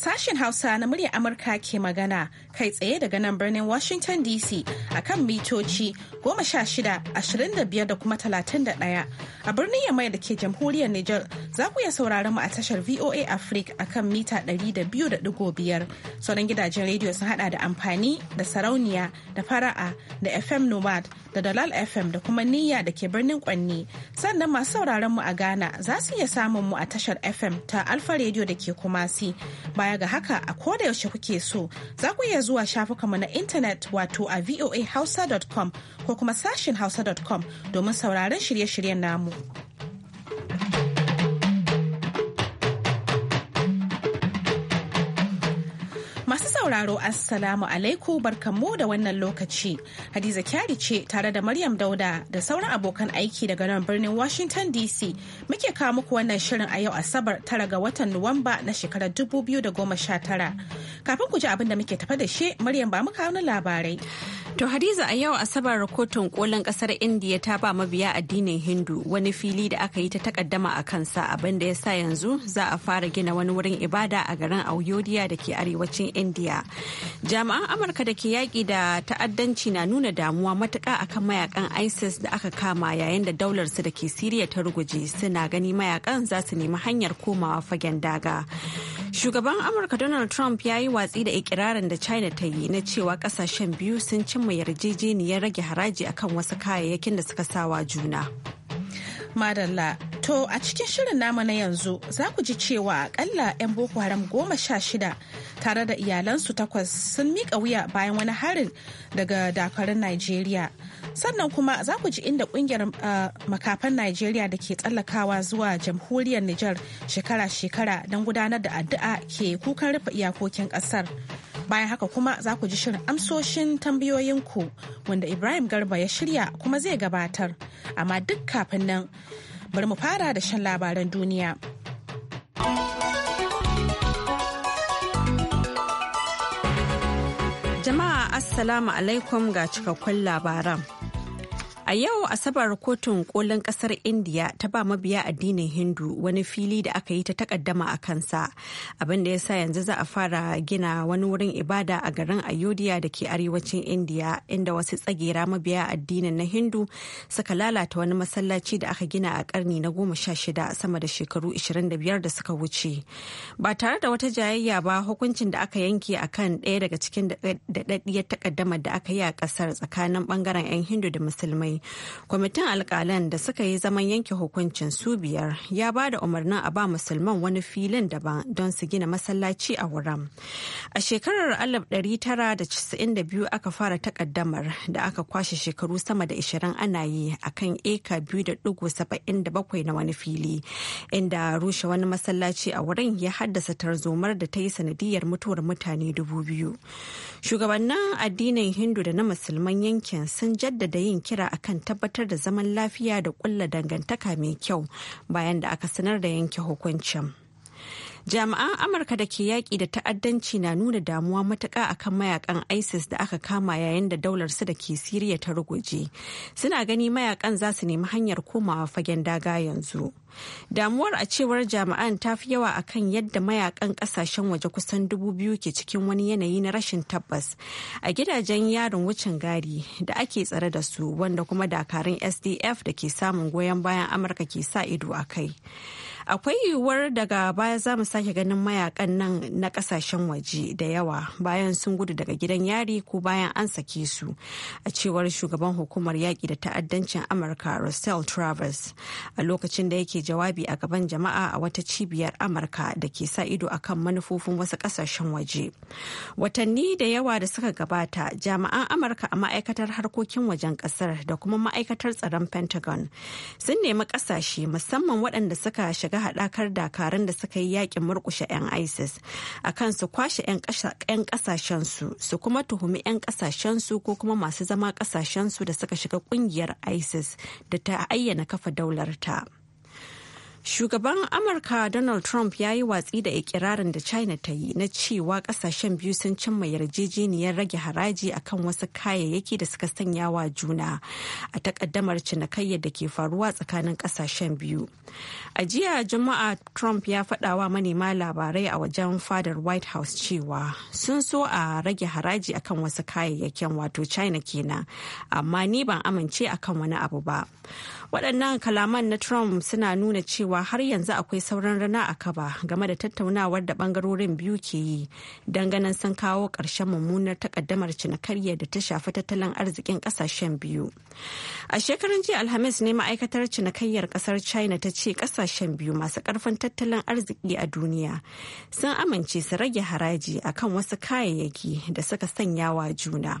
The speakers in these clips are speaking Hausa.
Sashen Hausa na muryar Amurka ke magana kai tsaye daga nan birnin Washington DC akan mitoci goma sha shida, ashirin da kuma ɗaya. A birnin Yamai da ke jamhuriyar Nijar za ku iya sauraron mu a tashar VOA Africa akan mita ɗari da da biyar. Sauran gidajen rediyo sun haɗa da amfani da sarauniya da fara'a da FM Nomad da Dalal FM da kuma Niyya da ke birnin Kwanni. Sannan masu sauraron mu a Ghana za su iya samun mu a tashar FM ta Alfa Radio da ke Kumasi. Baya ga haka a koda yaushe kuke so za ku iya zuwa shafukanmu na intanet wato a voahausa.com ko kuma sashin hausa.com domin sauraron shirye-shiryen namu. Masu sauraro Assalamu alaikum barkanmu da wannan lokaci. Hadiza Kyari ce tare da Maryam Dauda da sauran abokan aiki daga nan birnin Washington DC muke kawo muku wannan shirin a yau Asabar tara ga watan Nuwamba na shekarar 2019. Kafin ku ji abin da muke tafa da shi, Maryam ba mu kawo labarai. To Hadiza a yau Asabar kotun kolin kasar Indiya ta ba mabiya addinin Hindu wani fili da aka yi ta takaddama a kansa abinda ya sa yanzu za a fara gina wani wurin ibada a garin Ayodhya da ke arewacin Indiya. Jami'an Amurka da ke yaƙi da ta'addanci na nuna damuwa matuƙa akan mayakan ISIS da aka kama yayin da daular su da ke Siriya ta ruguje suna gani mayakan za su nemi hanyar komawa fagen daga. Shugaban Amurka Donald Trump ya yi watsi da ikirarin da China ta yi na cewa kasashen biyu sun ci mu yarjejeniyar rage haraji akan wasu kayayyakin da suka sawa juna. Madalla, to a cikin shirin namu na yanzu za ku ji cewa akalla 'yan Boko Haram goma sha shida tare da iyalansu takwas sun miƙa wuya bayan wani harin daga dakarun Najeriya. Sannan kuma za ku ji inda kungiyar uh, makafan Najeriya da ke tsallakawa zuwa jamhuriyar Nijar shekara-shekara don gudanar da addu'a ke kukan rufe iyakokin ƙasar. Bayan haka kuma za ku ji shirin amsoshin tambayoyinku wanda Ibrahim Garba ya shirya kuma zai gabatar. Amma duk kafin nan bari mu fara da shan labaran duniya. Jama'a Assalamu alaikum ga cikakkun labaran. A yau Asabar kotun kolin kasar indiya ta ba mabiya addinin Hindu wani fili da aka yi ta takaddama a kansa. Abin da ya sa yanzu za a fara gina wani wurin ibada a garin Ayodhya da ke arewacin indiya inda wasu tsagera mabiya addinin na Hindu suka lalata wani masallaci da aka gina a karni na goma sha shida sama da shekaru 25 da suka wuce. Ba tare da wata jayayya ba hukuncin da aka yanke a kan ɗaya daga cikin daɗaɗɗiyar takaddamar da aka yi a ƙasar tsakanin bangaren 'yan Hindu da Musulmai. kwamitin alkalan da suka yi zaman yanke hukuncin su biyar ya ba da umarnin a ba musulman wani filin daban don su gina masallaci a wurin. A shekarar 1992 aka fara takaddamar da aka kwashe shekaru sama da 20 ana yi a kan eka 2.77 na wani fili, inda rushe wani masallaci a wurin ya haddasa tarzomar da ta yi sanadiyar mutuwar mutane dubu biyu. Shugabannin addinin Hindu da na musulman yankin sun jaddada yin kira akan kan tabbatar da zaman lafiya da ƙulla dangantaka mai kyau bayan da aka sanar da yanke hukuncin. jami'an amurka da ke yaƙi da ta'addanci na nuna damuwa matuƙa akan mayakan isis da aka kama yayin da daular su da ke siriya ta ruguje suna gani mayakan za su nemi hanyar komawa fagen daga yanzu damuwar a cewar jami'an ta fi yawa akan yadda mayakan kasashen waje kusan dubu biyu ke cikin wani yanayi na rashin tabbas a gidajen yarin wucin gari da ake tsare da su wanda kuma dakarun sdf da ke samun goyon bayan amurka ke sa ido a kai akwai yiwuwar daga baya za mu sake ganin mayakan nan na kasashen waje da yawa bayan sun gudu daga gidan yari ko bayan an sake su a cewar shugaban hukumar yaƙi da ta'addancin amurka russell travers a lokacin da yake jawabi a gaban jama'a a wata cibiyar amurka da ke sa ido a kan manufofin wasu kasashen waje watanni da yawa da suka gabata jami'an amurka a ma'aikatar harkokin wajen kasar da kuma ma'aikatar tsaron pentagon sun nemi kasashe musamman waɗanda suka shiga haɗakar dakarun da suka yi yakin murkushe 'yan isis a kan su kwashe 'yan ƙasashen su su kuma tuhumi 'yan su ko kuma masu zama su da suka shiga ƙungiyar isis da ta ayyana kafa daular ta. Shugaban Amurka Donald Trump ya yi watsi da ikirarin da China ta yi na cewa kasashen biyu sun cimma yarjejeniyar rage haraji akan wasu kayayyaki da suka sanya wa juna a takaddamar cinikayyar da ke faruwa tsakanin kasashen biyu. A jiya Juma'a Trump ya faɗa wa manema labarai a wajen fadar White House cewa sun so a rage haraji akan wasu kayayyakin wato China kenan, amma ni ban amince akan wani abu ba. waɗannan kalaman na trump suna nuna cewa har yanzu akwai sauran rana a kaba game da tattaunawar da bangarorin biyu ke yi ganin sun kawo ƙarshen mummunar takaddamar cinikayya da ta shafi tattalin arzikin ƙasashen biyu a shekarun jiya alhamis ne ma'aikatar cinikayyar ƙasar china ta ce ƙasashen biyu masu ƙarfin tattalin arziki a duniya sun amince su rage haraji akan wasu kayayyaki da suka sanya wa juna.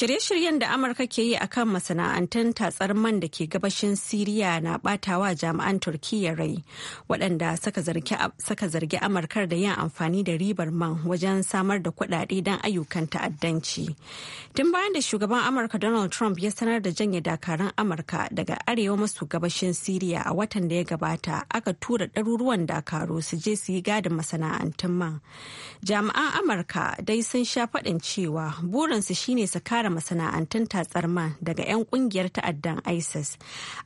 Shirye-shiryen da Amurka ke yi a kan masana'antun tatsar man da ke gabashin Siriya na batawa jami'an Turkiyya rai waɗanda saka zargi Amurkar da yin amfani da ribar man wajen samar da kuɗaɗe don ayyukan ta'addanci. Tun bayan da shugaban Amurka Donald Trump ya sanar da janye dakaran Amurka daga arewa masu gabashin Siriya a watan da ya gabata aka tura ɗaruruwan dakaru su je su yi gadin masana'antun man. Jami'an Amurka dai sun sha faɗin cewa burinsu shine su kare masana'antun tatsar man daga 'yan kungiyar ta'addan isis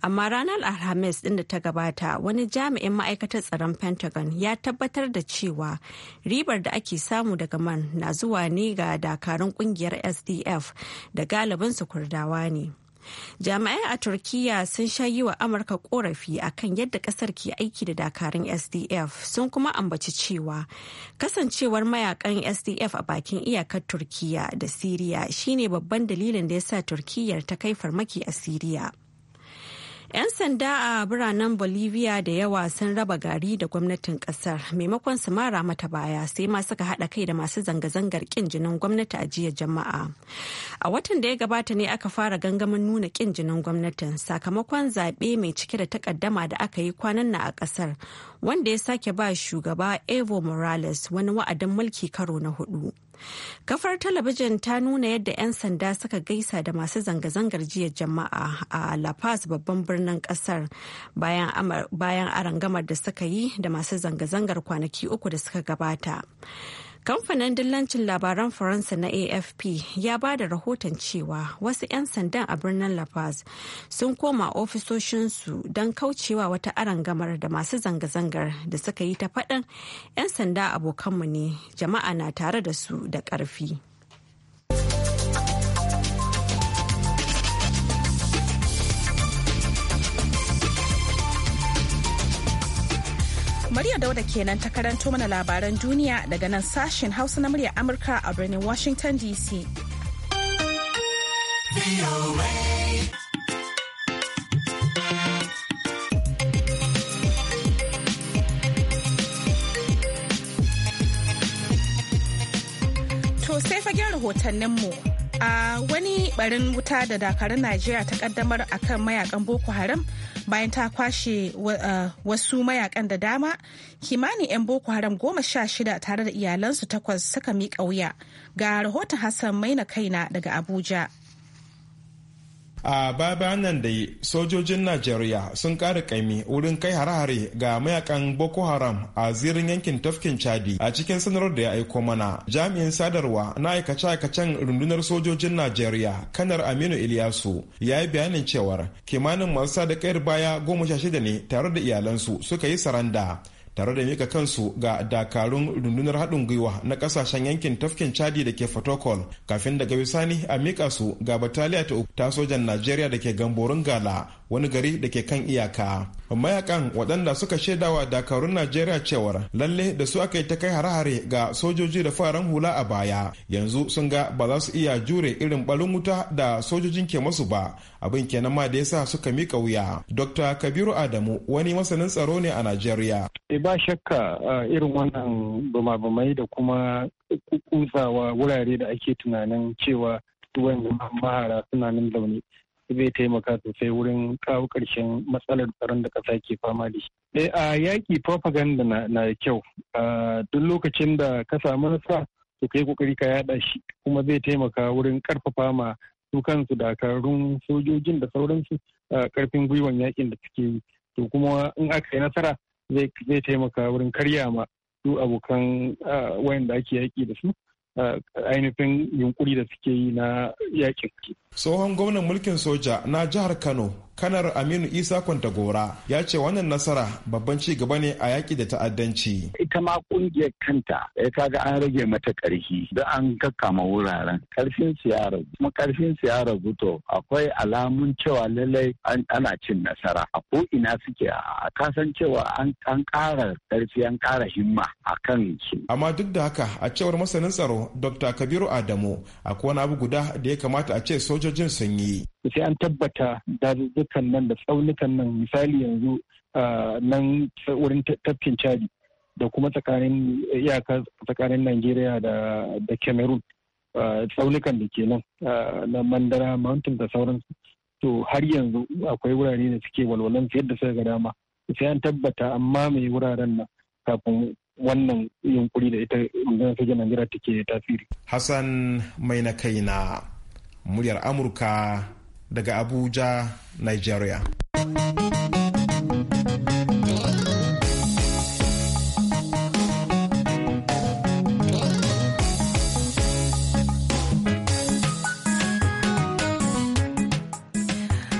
amma ranar alhamis din da ta gabata wani jami'in ma'aikatar tsaron pentagon ya tabbatar da cewa ribar da ake samu daga man na zuwa ne ga dakarun kungiyar sdf da galibinsu kurdawa ne jami'ai a turkiya sun sha yi wa amurka korafi akan yadda kasar ke aiki da dakarun sdf sun kuma ambaci cewa kasancewar mayakan sdf a bakin iyakar turkiya da siriya shine babban dalilin da ya sa turkiyar ta kai farmaki a siriya 'Yan sanda a biranen Bolivia da yawa sun raba gari da gwamnatin kasar maimakon su mara mata baya sai ma suka haɗa kai da masu zanga-zangar ƙin jinin gwamnati a jiya jama'a. A watan da ya gabata ne aka fara gangamin nuna ƙin jinin gwamnatin sakamakon zaɓe mai cike da takaddama da aka yi kwanan na a ƙasar wanda ya sake ba shugaba Evo Morales wani wa'adin mulki karo na hudu. Kafar talabijin ta nuna yadda 'yan sanda suka gaisa da masu zanga-zangar jiya jama'a a La Paz babban birnin kasar bayan arangamar da suka yi da masu zanga-zangar kwanaki uku da suka gabata. Kamfanin dillancin labaran Faransa na AFP ya ba da rahoton cewa wasu 'yan sandan a birnin La Paz sun koma ofisoshinsu don kaucewa wata arangamar da masu zanga-zangar da suka yi ta faɗin 'yan sanda abokanmu ne jama'a na tare da su da ƙarfi. Maria Dauda kenan ta karanto mana labaran duniya daga nan sashen Hausa na murya Amurka a birnin Washington DC. To sai fagen rahotanninmu a wani barin wuta da dakarun najeriya ta kaddamar kan mayakan boko haram bayan ta kwashe uh, wasu mayakan da dama kimanin 'yan boko haram goma sha shida tare da iyalansu takwas suka miƙa wuya ga rahoton hassan maina kaina daga abuja a baba nan da sojojin najeriya sun ƙara kaimi wurin kai hare-hare ga mayakan boko haram a zirin yankin tafkin chadi a cikin sanarwar da ya aiko mana jami'in sadarwa na aikace-aikacen rundunar sojojin najeriya kanar aminu iliyasu ya yi bayanin cewar kimanin masu sada baya goma sha shida ne tare da iyalansu suka yi saranda tare da mika kansu ga dakarun rundunar haɗin gwiwa na ƙasashen yankin tafkin chadi da ke fotokol kafin daga bisani a mika su ga bataliya ta sojan najeriya da ke gamborin gala wani gari da ke kan iyaka mayakan waɗanda suka shaidawa dakarun najeriya cewar lalle da su aka yi ta kai hare-hare ga sojoji da faran hula a baya yanzu sun ga ba za su iya jure irin balin wuta da sojojin ke masu ba abin kenan ma da yasa suka mika wuya dr kabiru adamu wani masanin tsaro ne a najeriya eh, ba shakka irin wannan bumabumai da kuma kusawa wurare da ake tunanin cewa wanda mahara suna nan zaune zai taimaka sosai wurin kawo karshen matsalar tsaron da ƙasa ke fama da shi. Eh, a yaƙi propaganda na da kyau duk lokacin da ka samu nasa to kai kokari ka yaɗa shi kuma zai taimaka wurin ƙarfafa ma su kansu dakarun sojojin da sauransu ƙarfin gwiwan yaƙin da suke yi to kuma in aka yi nasara zai taimaka wurin karya ma su abokan wayan da ake yaƙi da su ainihin yunkuri da suke yi na yakin. Tsohon gwamnan mulkin soja na jihar Kano kanar aminu isa kwantagora ya ce wannan nasara babban ci gaba ne a yaki da ta'addanci ita ma kungiyar kanta ya eh, kaga an rage mata karfi da an kakkama wuraren karfin su ya ragu kuma karfin su ya ragu to akwai alamun cewa lallai ana cin nasara a ko ina suke a kasan cewa an ƙara karfi an ƙara himma a kan su amma duk da haka a cewar masanin tsaro dr kabiru adamu akwai wani abu guda da ya kamata a ce sojojin sun yi sai an tabbata dazuzzukan nan da tsaunukan nan misali yanzu nan wurin tafkin chadi da kuma tsakanin iyaka tsakanin Najeriya da Cameroon tsaunukan da ke nan na Mandara Mountain da sauransu. To har yanzu akwai wurare da suke walwalan yadda suka ga dama. Sai an tabbata amma mai wuraren nan kafin wannan yunkuri da ita rundunar sojan Najeriya take tasiri. Hassan mai na kai na muryar Amurka daga Abuja, Nigeria.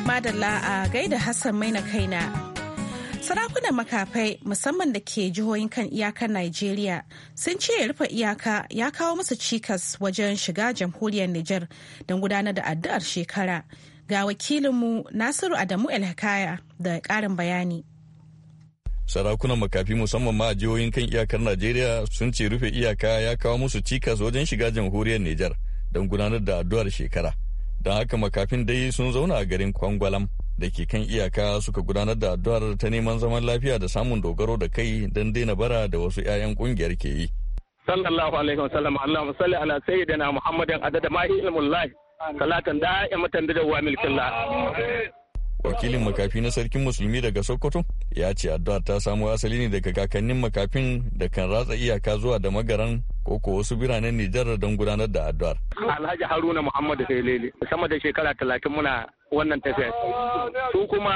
Madalla a gaida Hassan Maina kaina. Sarakunan makafai musamman da ke jihohin kan iyakar Najeriya sun ce rufe iyaka ya kawo musu cikas wajen shiga jamhuriyar Nijar don gudanar da addu'ar shekara. Ga wakilinmu Nasiru Adamu Elhakaya da ƙarin bayani. sarakunan makafi musamman ma a jihohin kan iyakar najeriya sun ce rufe iyaka ya kawo musu cikas wajen shiga jamhuriyar nijar don gudanar da addu'ar shekara don haka makafin dai sun zauna a garin kwangwalam da ke kan iyaka suka gudanar da addu'ar ta neman zaman lafiya da samun dogaro da kai don daina bara da wasu 'ya'yan kungiyar ke yi sallallahu alaihi wasallam allahumma salli ala sayyidina muhammadin adada ma salatan matan da wa milkillah wakilin makafi na sarkin musulmi daga sokoto ya ce addu'a ta samo asali ne daga kakannin makafin da kan ratsa iyaka zuwa da magaran ko ko wasu biranen nijar don gudanar da addu'ar alhaji haruna muhammadu sai sama da shekara talatin muna wannan tafiya su kuma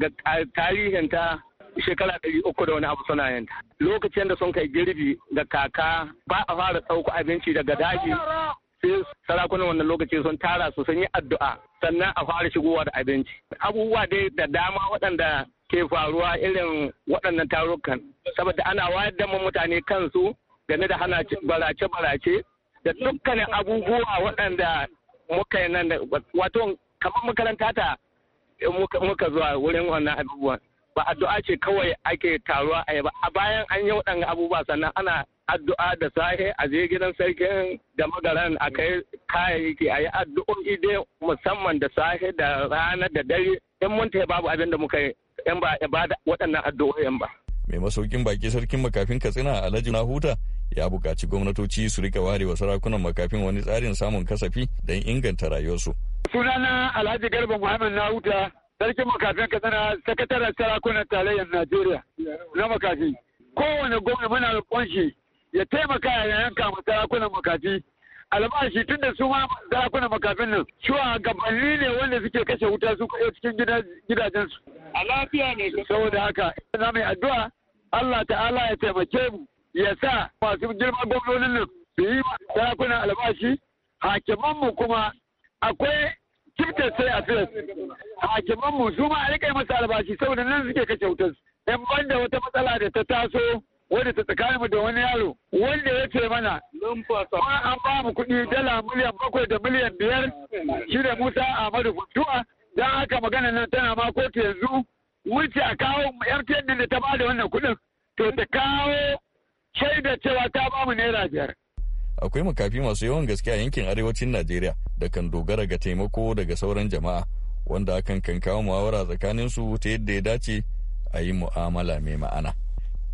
ga tarihinta shekara ɗari uku da wani abu suna yanta lokacin da sun kai girbi da kaka ba a fara ɗauko abinci daga daji sai sarakunan wannan lokaci sun tara su sun yi addu'a sannan a fara shigowa da abinci abubuwa dai da dama waɗanda ke faruwa irin waɗannan tarukan saboda ana wayar da mutane kansu game da hana barace-barace da dukkanin abubuwa waɗanda muka yi nan wato kamar makaranta ta muka zuwa wurin wannan abubuwan ba addu'a ce kawai ake taruwa a ba a bayan an yi waɗannan abubuwa sannan ana addu'a da sahe a je gidan sarkin da magaran a kai kayayyaki a yi addu'o'i dai musamman da sahe da rana da dare in mun ta babu abin da muka yi in ba da waɗannan addu'o'in ba. mai masaukin baki sarkin makafin katsina alhaji na huta ya buƙaci gwamnatoci su rika ware wa sarakunan makafin wani tsarin samun kasafi don inganta rayuwarsu. sunana alhaji garba muhammad na huta sarkin makafin katsina sakataren sarakunan tarayyar najeriya na makafi kowane gwamna muna kunshi shi ya taimaka ya yanka ma sarakunan makafi albashi tun da su ma sarakunan makafin nan gabanni ne wanda suke kashe wuta su kaɗai cikin gidajensu. A lafiya ne. Saboda haka za mu yi addu'a Allah ta'ala ya taimake mu ya sa masu girman gwamnonin nan su yi sarakunan albashi hakimanmu kuma akwai kiftar sai a fiyas hakimanmu su ma a rikai masa albashi saboda nan suke kashe wutar. In banda wata matsala da ta taso wadda ta tsakaninmu da wani yaro wanda ya ce mana kuma an ba mu kuɗi dala miliyan bakwai da miliyan biyar shi da Musa Ahmadu Funtuwa don haka magana nan tana ma kotu yanzu wuce a kawo MTN da ta ba da wannan kuɗin to ta kawo shaida cewa ta ba mu naira biyar. Akwai makafi masu yawan gaske a yankin arewacin Najeriya da kan dogara ga taimako daga sauran jama'a wanda akan kan kawo muhawara tsakaninsu ta yadda ya dace a yi mu'amala mai ma'ana.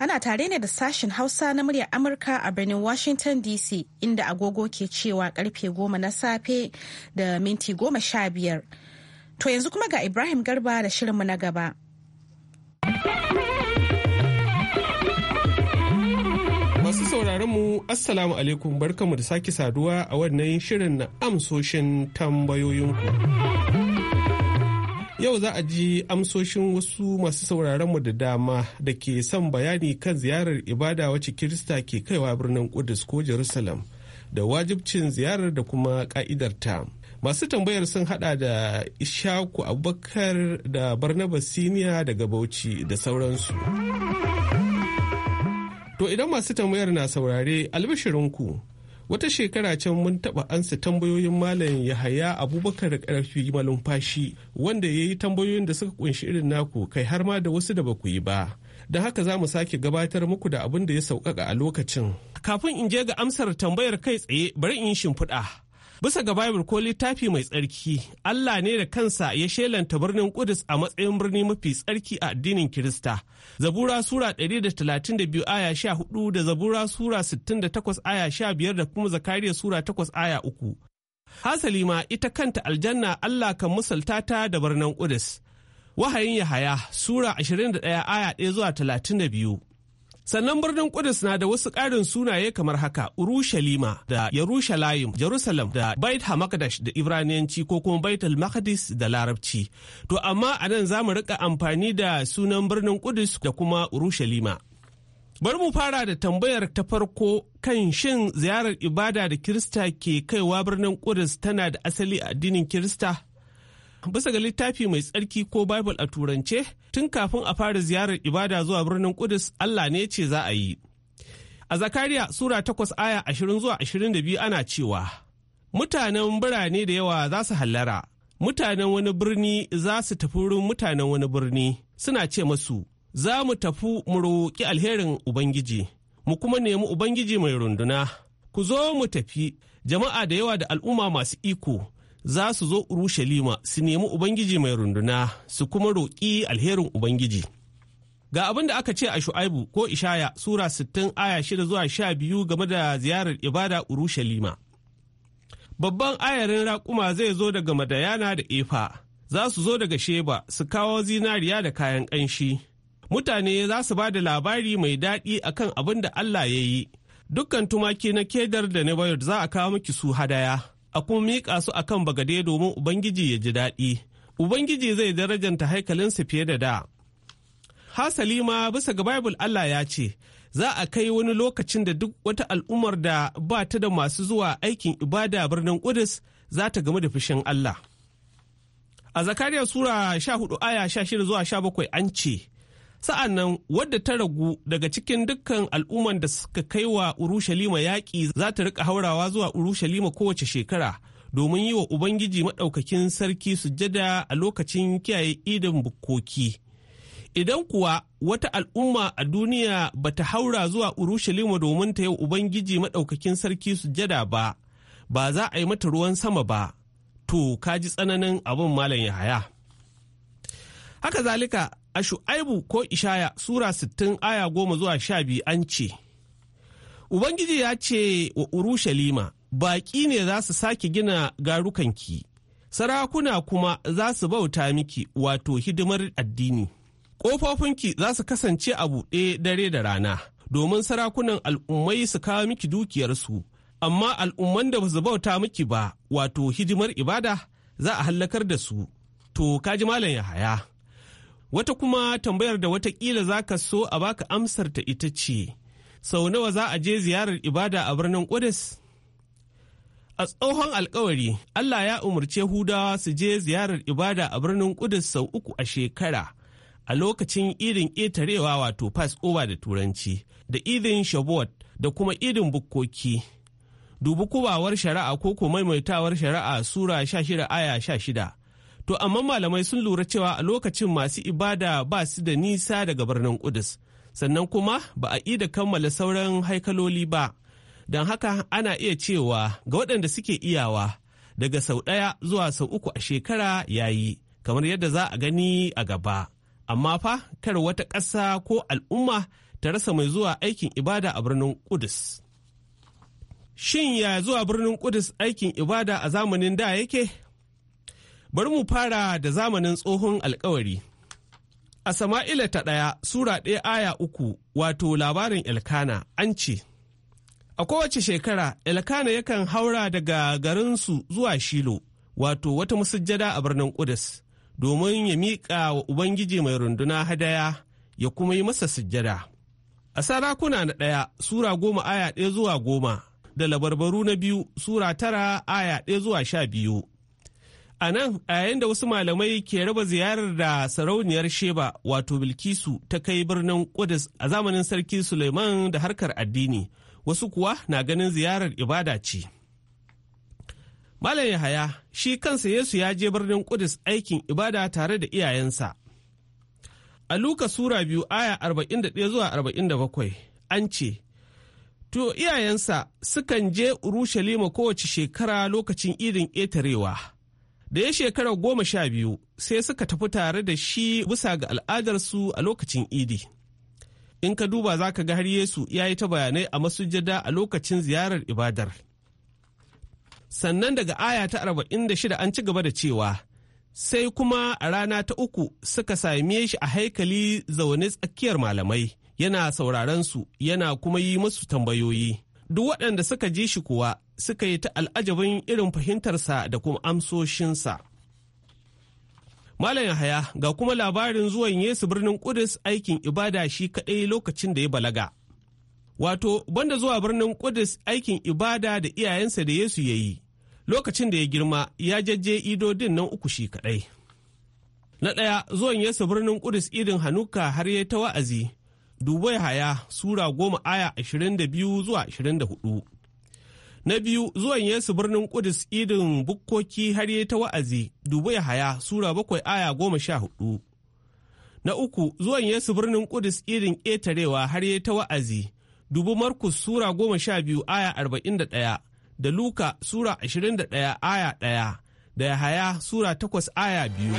Ana tare ne da sashen Hausa na muryar Amurka a birnin Washington DC inda agogo ke cewa karfe goma na safe da minti goma sha biyar. To yanzu kuma ga Ibrahim Garba da shirinmu na gaba. Masu sauraron mu Assalamu alaikum barkamu da sake saduwa a wannan shirin na amsoshin tambayoyinku. Yau za a ji amsoshin wasu masu sauraronmu da dama da ke son bayani kan ziyarar ibada wacce Kirista ke kaiwa birnin Kudus ko Jerusalem da wajibcin ziyarar da kuma ka'idarta. Masu tambayar sun hada da Ishaku Abubakar da Barnabas Siniya daga Bauchi da sauransu. To idan masu tambayar na saurare albishirinku. wata shekara can mun taɓa ansa tambayoyin malam yahaya abubakar karfi fashi wanda ya yi tambayoyin da suka kunshi irin naku kai har ma da wasu da ba ku yi ba da haka za mu sake gabatar muku da abin da ya sauƙaƙa a lokacin kafin in je ga amsar tambayar kai tsaye bari in yi shimfiɗa Bisa ga Bible ko littafi mai tsarki, Allah ne da kansa ya shelanta birnin Kudus a matsayin birni mafi tsarki a addinin Kirista. Zabura Sura 132 aya 14 da Zabura Sura 68 aya 15 da kuma Zakariya Sura 8 aya 3. Hasali ma ita kanta aljanna Allah kan musalta ta da birnin Kudus. Wahayin Yahaya Sura 21 aya 1 zuwa 32. Sannan birnin Kudus na da wasu ƙarin sunaye kamar haka Urushalima da Yerushalayim, Jerusalem da Bait Hamakdash da Ibraniyanci ko kuma Baitul Maqdis da Larabci. To amma a nan za mu rika amfani da sunan birnin Kudus da kuma Urushalima. Bari mu fara da tambayar ta farko kan shin ziyarar ibada da Kirista ke kaiwa birnin Kudus tana da asali a addinin Kirista? bisa ga littafi mai tsarki ko Bible a turance tun kafin a fara ziyarar ibada zuwa birnin Kudus Allah ne ce za a yi. A Zakariya Sura takwas aya ashirin zuwa biyu ana cewa, Mutanen birane da yawa za su hallara, mutanen wani birni za su tafi wurin mutanen wani birni, suna ce masu, Za mu tafi mu roƙi alherin Ubangiji, mu kuma nemi Ubangiji mai runduna, ku zo mu tafi, jama'a da yawa da al'umma masu iko, za su zo Urushalima su nemi Ubangiji mai runduna su kuma roƙi alherin Ubangiji. Ga abin da aka ce a Shu'aibu ko Ishaya Sura 60 aya 6 zuwa biyu game da ziyarar ibada Urushalima. Babban ayarin raƙuma zai zo daga Madayana da Efa, za su zo daga Sheba su kawo zinariya da kayan ƙanshi. Mutane za su ba da labari mai daɗi akan abin da Allah ya yi. Dukkan tumaki na kedar da na za a kawo miki su hadaya. a kuma miƙa su a kan bagade domin Ubangiji ya ji daɗi. Ubangiji zai darajanta haikalinsa fiye da da. Hasali ma bisa ga Bible Allah ya ce, za a kai wani lokacin da duk wata al'ummar da ba ta da masu zuwa aikin ibada birnin Ƙudus za ta gamu da fushin Allah. A Zakariya Sura 14 aya 16 zuwa 17 an ce, sa'an nan wadda ta ragu daga cikin dukkan al'umman da suka kai wa urushalima yaƙi za ta rika haurawa zuwa urushalima kowace shekara domin yi wa ubangiji maɗaukakin sarki sujada a lokacin kiyaye idon bukoki. idan kuwa wata al'umma a duniya ba ta haura zuwa urushalima domin ta yi ubangiji maɗaukakin sarki sujada ba ba za a yi mata ruwan sama ba to ka ji tsananin abin malam yahaya haka zalika a shu'aibu ko ishaya sura sittin aya goma zuwa sha biyu an ce ubangiji ya ce wa urushalima baƙi ne za su sake gina garukanki sarakuna kuma za su bauta miki wato hidimar addini ƙofofinki za su kasance a buɗe dare da rana domin sarakunan al'ummai su kawo miki dukiyarsu amma al'umman da ba su bauta miki ba wato hidimar ibada za a hallakar da su to kaji malam yahaya Wata kuma tambayar da watakila za ka so a baka amsar ta ita ce, sau nawa za a je ziyarar ibada a birnin kudus A tsohon alkawari, Allah ya umarce Hudawa su je ziyarar ibada a birnin kudus sau uku a shekara, a lokacin irin ƙetarewa wato over da Turanci, da idin shabot da kuma idin bukkoki. Dubi kubawar shari'a ko ko maimaitawar shari'a Sura 16 aya 16. To amma malamai sun lura cewa a lokacin masu ibada ba su da nisa daga birnin Kudus. Sannan kuma ba a da kammala sauran haikaloli ba. Don haka ana iya cewa ga waɗanda suke iyawa daga sau ɗaya zuwa sau uku a shekara yayi kamar yadda za a gani a gaba. Amma fa kar wata ƙasa ko al'umma ta rasa mai zuwa aikin ibada a birnin Kudus. Shin ya zuwa birnin Kudus aikin ibada a zamanin da yake? Bari mu fara da zamanin tsohon alkawari. A Sama'ila ta ɗaya, Sura ɗaya aya uku, wato labarin Elkana, an ce, A kowace shekara, Elkana yakan haura daga garinsu zuwa Shilo, wato wata musujjada a birnin Ƙudus, domin ya miƙa wa Ubangiji mai runduna hadaya ya kuma yi masa sujjada. A sarakuna na ɗaya, Sura goma aya ɗaya zuwa goma, da labarbaru na biyu, Sura tara aya ɗaya zuwa sha biyu, A nan, a yayin da wasu malamai ke raba ziyarar da sarauniyar Sheba wato Bilkisu ta kai birnin Kudus a zamanin Sarki Suleiman da harkar addini, wasu kuwa na ganin ziyarar ibada ce. Malam Yahaya shi kansa Yesu ya je birnin Kudus aikin ibada tare da iyayensa. A Luka Sura biyu aya 41 zuwa bakwai, an ce, To iyayensa sukan je Urushalima kowace shekara lokacin idin ƙetarewa. da ya shekara goma sha biyu sai suka tafi tare da shi bisa ga al'adarsu a lokacin idi in ka duba za ka ga har yesu ya yi ta bayanai a masujada a lokacin ziyarar ibadar sannan daga aya ta arba'in da shida an ci gaba da cewa sai kuma a rana ta uku suka same shi a haikali zaune tsakiyar malamai yana sauraron su yana kuma yi musu tambayoyi Duk waɗanda suka ji shi kuwa suka yi ta al'ajabin irin fahimtarsa da kuma amsoshinsa. Malam Yahaya ga kuma labarin zuwan Yesu birnin Kudus aikin ibada shi kaɗai lokacin da ya balaga. Wato, banda zuwa birnin Kudus aikin ibada da iyayensa da Yesu ya yi, lokacin da ya girma ya jajje din nan uku shi kaɗai. Na ɗaya zuwan Yesu birnin Kudus idin Hanuka har ya yi ta wa'azi, dubai haya sura goma aya ashirin da biyu zuwa ashirin da hudu na biyu zuwan yesu birnin kudus idin bukkoki har yi ta wa'azi dubai haya sura bakwai aya goma sha hudu na uku zuwan yesu birnin kudus idin ƙetarewa har yi ta wa'azi dubu markus sura goma sha biyu aya arba'in da ɗaya da luka sura ashirin da ɗaya aya ɗaya da yahaya sura takwas aya biyu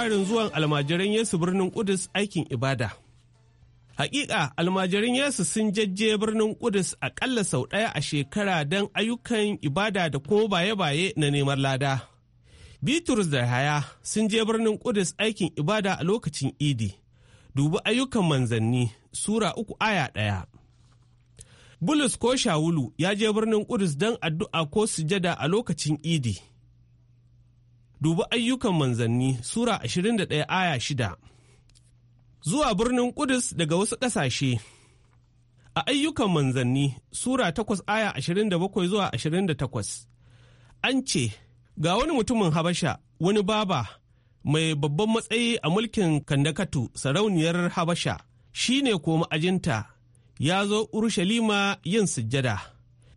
labarin zuwan almajiran Yesu birnin Kudus aikin ibada. Hakika almajiran Yesu sun jajje birnin Kudus akalla sau ɗaya a shekara don ayyukan ibada da ko baye-baye na neman lada. Bitrus da Yahaya sun je birnin Kudus aikin ibada a lokacin Idi. Dubi ayyukan manzanni Sura uku aya ɗaya. Bulus ko Shawulu ya je birnin Kudus don addu'a ko sujada a lokacin Idi. dubi ayyukan manzanni Sura 21 aya shida. Zuwa birnin Kudus daga wasu ƙasashe. A ayyukan manzanni Sura 8 aya 27 zuwa 28. An ce, Ga wani mutumin Habasha, wani baba, mai babban matsayi a mulkin Kandakatu, sarauniyar Habasha, shi ne ko ma'ajinta, ya zo Urushalima yin sujjada.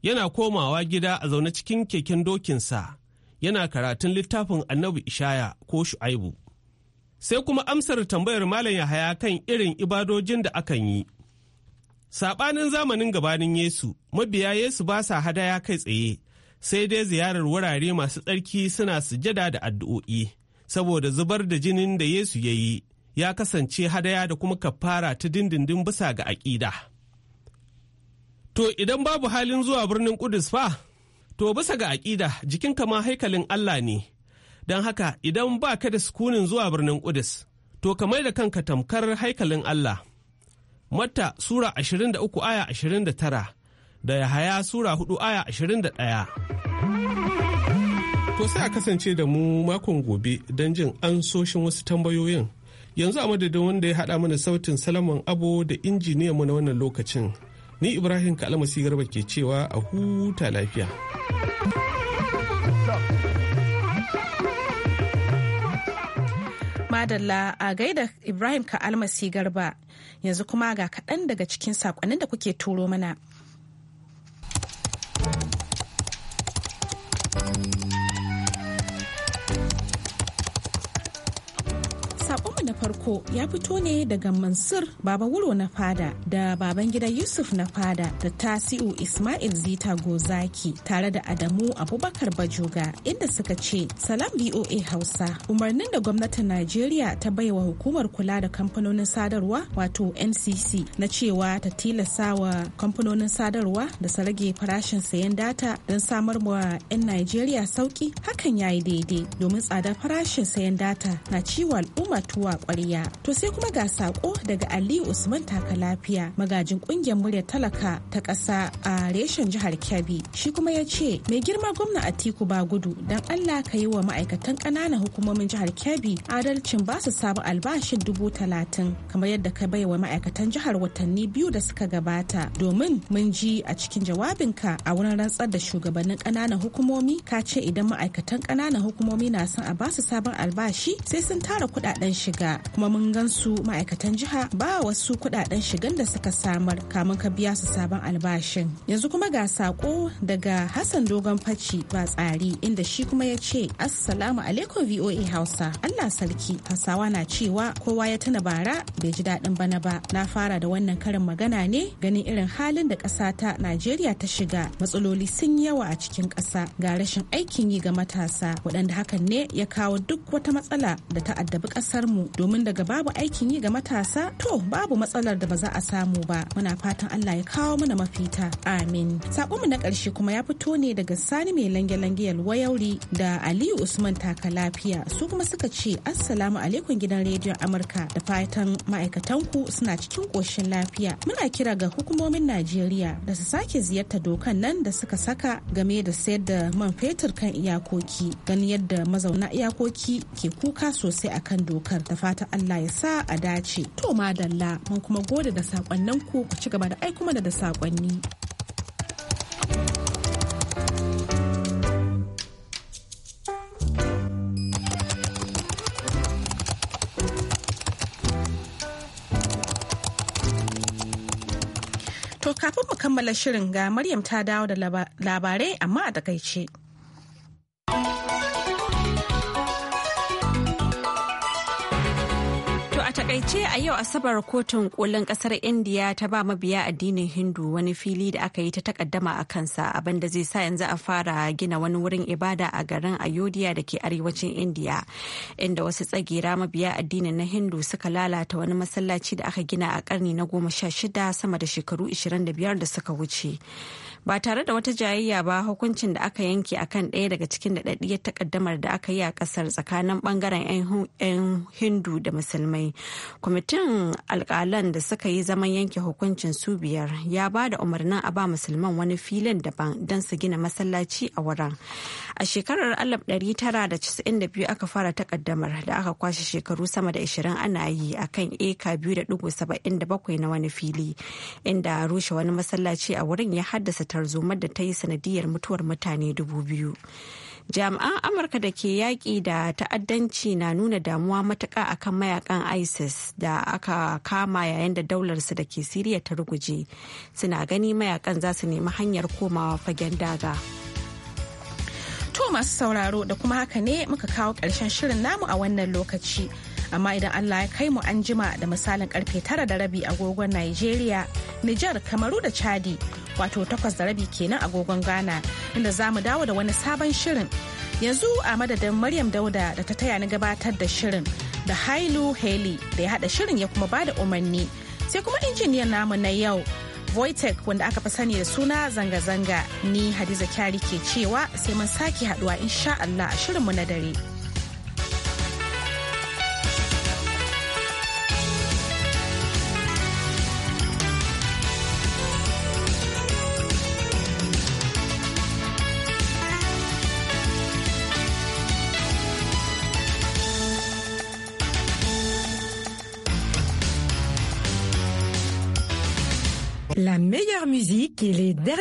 Yana komawa gida a zaune cikin keken dokinsa. yana karatun littafin annabi ishaya ko shu'aibu sai kuma amsar tambayar malam yahaya kan irin ibadojin da akan yi saɓanin zamanin gabanin yesu mabiya yesu ba sa hadaya kai tsaye sai dai ziyarar wurare masu tsarki suna sujada da addu'o'i saboda zubar da jinin da yesu ya yi ya kasance hadaya da kuma kafara ta dindindin bisa ga aƙida. To idan babu halin zuwa birnin Kudus fa, To bisa ga aƙida jikin kama haikalin Allah ne, don haka idan ba ka da sukunin zuwa birnin Kudus to ka kamar da kanka tamkar haikalin Allah. Mata Sura 23 aya 29 da Yahaya Sura 4 aya 21. To sai a kasance da mu makon gobe don jin an ansoshin wasu tambayoyin. Yanzu a madadin wanda ya haɗa mana sautin Salaman abu da injiniyanmu na wannan lokacin. Ni Ibrahim Kalmasi Garba ke cewa a huta lafiya. Madalla a gaida Ibrahim ka Almasi Garba yanzu kuma ga kaɗan daga cikin saƙonin da kuke turo mana. na farko ya fito ne daga Mansur Baba Wuro na fada da baban gida Yusuf na fada da Tasi'u Ismail Zita Gozaki tare da Adamu Abubakar Bajoga inda suka ce Salam BOA Hausa umarnin da gwamnatin Najeriya ta baiwa hukumar kula da kamfanonin sadarwa wato NCC na cewa ta tilasa wa kamfanonin sadarwa da su rage farashin sayan data don samar wa 'yan Najeriya sauki hakan ya yi daidai domin tsadar farashin sayan data na ciwo al'umma kwarya kwarya. To sai kuma ga sako daga Aliyu Usman taka lafiya magajin kungiyar murya talaka ta ƙasa a reshen jihar Kebbi. Shi kuma ya ce mai girma gwamna Atiku ba gudu don Allah ka yi wa ma'aikatan ƙananan hukumomin jihar Kebbi adalcin ba su samu albashin dubu talatin kamar yadda ka bai wa ma'aikatan jihar watanni biyu da suka gabata domin mun ji a cikin jawabinka a wurin rantsar da shugabannin ƙananan hukumomi ka ce idan ma'aikatan ƙananan hukumomi na son a ba su sabon albashi sai sun tara kuɗaɗen shiga shiga kuma mun gan su ma'aikatan jiha ba wasu kudaden shigan da suka samar kamun ka biya su sabon albashin yanzu kuma ga sako daga hassan dogon faci ba tsari inda shi kuma ya ce assalamu alaikum voa hausa allah sarki hasawa na cewa kowa ya tuna bara bai ji daɗin bana ba na fara da wannan karin magana ne ganin irin halin da ƙasa ta najeriya ta shiga matsaloli sun yawa a cikin ƙasa ga rashin aikin yi ga matasa waɗanda hakan ne ya kawo duk wata matsala da ta addabi ƙasar mu domin daga babu aikin yi ga matasa to babu matsalar da ba za a samu ba muna fatan Allah ya kawo mana mafita amin sakonmu na karshe kuma ya fito ne daga sani mai lange-lange yalwa da aliyu usman taka lafiya su kuma suka ce assalamu alaikum gidan rediyon amurka da fatan ma'aikatanku suna cikin koshin lafiya muna kira ga hukumomin najeriya da su sake ziyarta dokan nan da suka saka game da sayar da man fetur kan iyakoki ganin yadda mazauna iyakoki ke kuka sosai akan dokar ta fata Allah ya sa a dace. To madalla mun kuma gode da sakonnin ku ku ci gaba da ai kuma da sakonni. To kafin mu kammala shirin ga Maryam ta dawo da labarai amma a takaice. takaice a yau asabar kotun kolin kasar indiya ta ba mabiya addinin hindu wani fili da aka yi ta takaddama a kansa abinda zai sa yanzu a fara gina wani wurin ibada a garin ayodhya da ke arewacin indiya inda wasu tsagera mabiya addinin na hindu suka lalata wani masallaci da aka gina a karni na goma sha shida sama da shekaru 25 da suka wuce ba tare da wata jayayya ba hukuncin da aka yanke a kan ɗaya daga cikin daɗaɗɗiyar takaddamar da aka yi a ƙasar tsakanin ɓangaren 'yan hindu da musulmai kwamitin alƙalan da suka yi zaman yanke hukuncin su biyar ya ba da umarnin a ba musulman wani filin daban don su gina masallaci a wurin A shekarar 1992 aka fara takaddamar da aka kwashe shekaru sama da 20 ana yi a kan eka 2.77 na wani fili inda rushe wani masallaci a wurin ya haddasa tarzoma da ta yi sanadiyar mutuwar mutane 2000. jami'an amurka da ke yaƙi da ta'addanci na nuna damuwa matuƙa kan mayakan isis da aka kama yayin da daularsu da ke siriya ta ruguje suna gani mayakan za su nemi hanyar komawa fagen daga. To masu sauraro da kuma haka ne muka kawo ƙarshen shirin namu a wannan lokaci. Amma idan Allah ya kai mu an jima da misalin karfe tara da rabi agogon Nigeria, Nijar, Kamaru da Chadi, wato takwas da rabi kenan agogon Ghana, inda za mu dawo da wani sabon shirin. Yanzu a madadin Maryam Dauda da ta taya ni gabatar da shirin da Hailu Haley da ya haɗa shirin ya kuma bada umarni. Sai kuma injiniyan namu na yau Voitech wanda aka fi sani da suna zanga-zanga ni Hadiza Kyari ke cewa sai mun sake haduwa insha Allah a shirinmu na dare. la meilleure musique et les derniers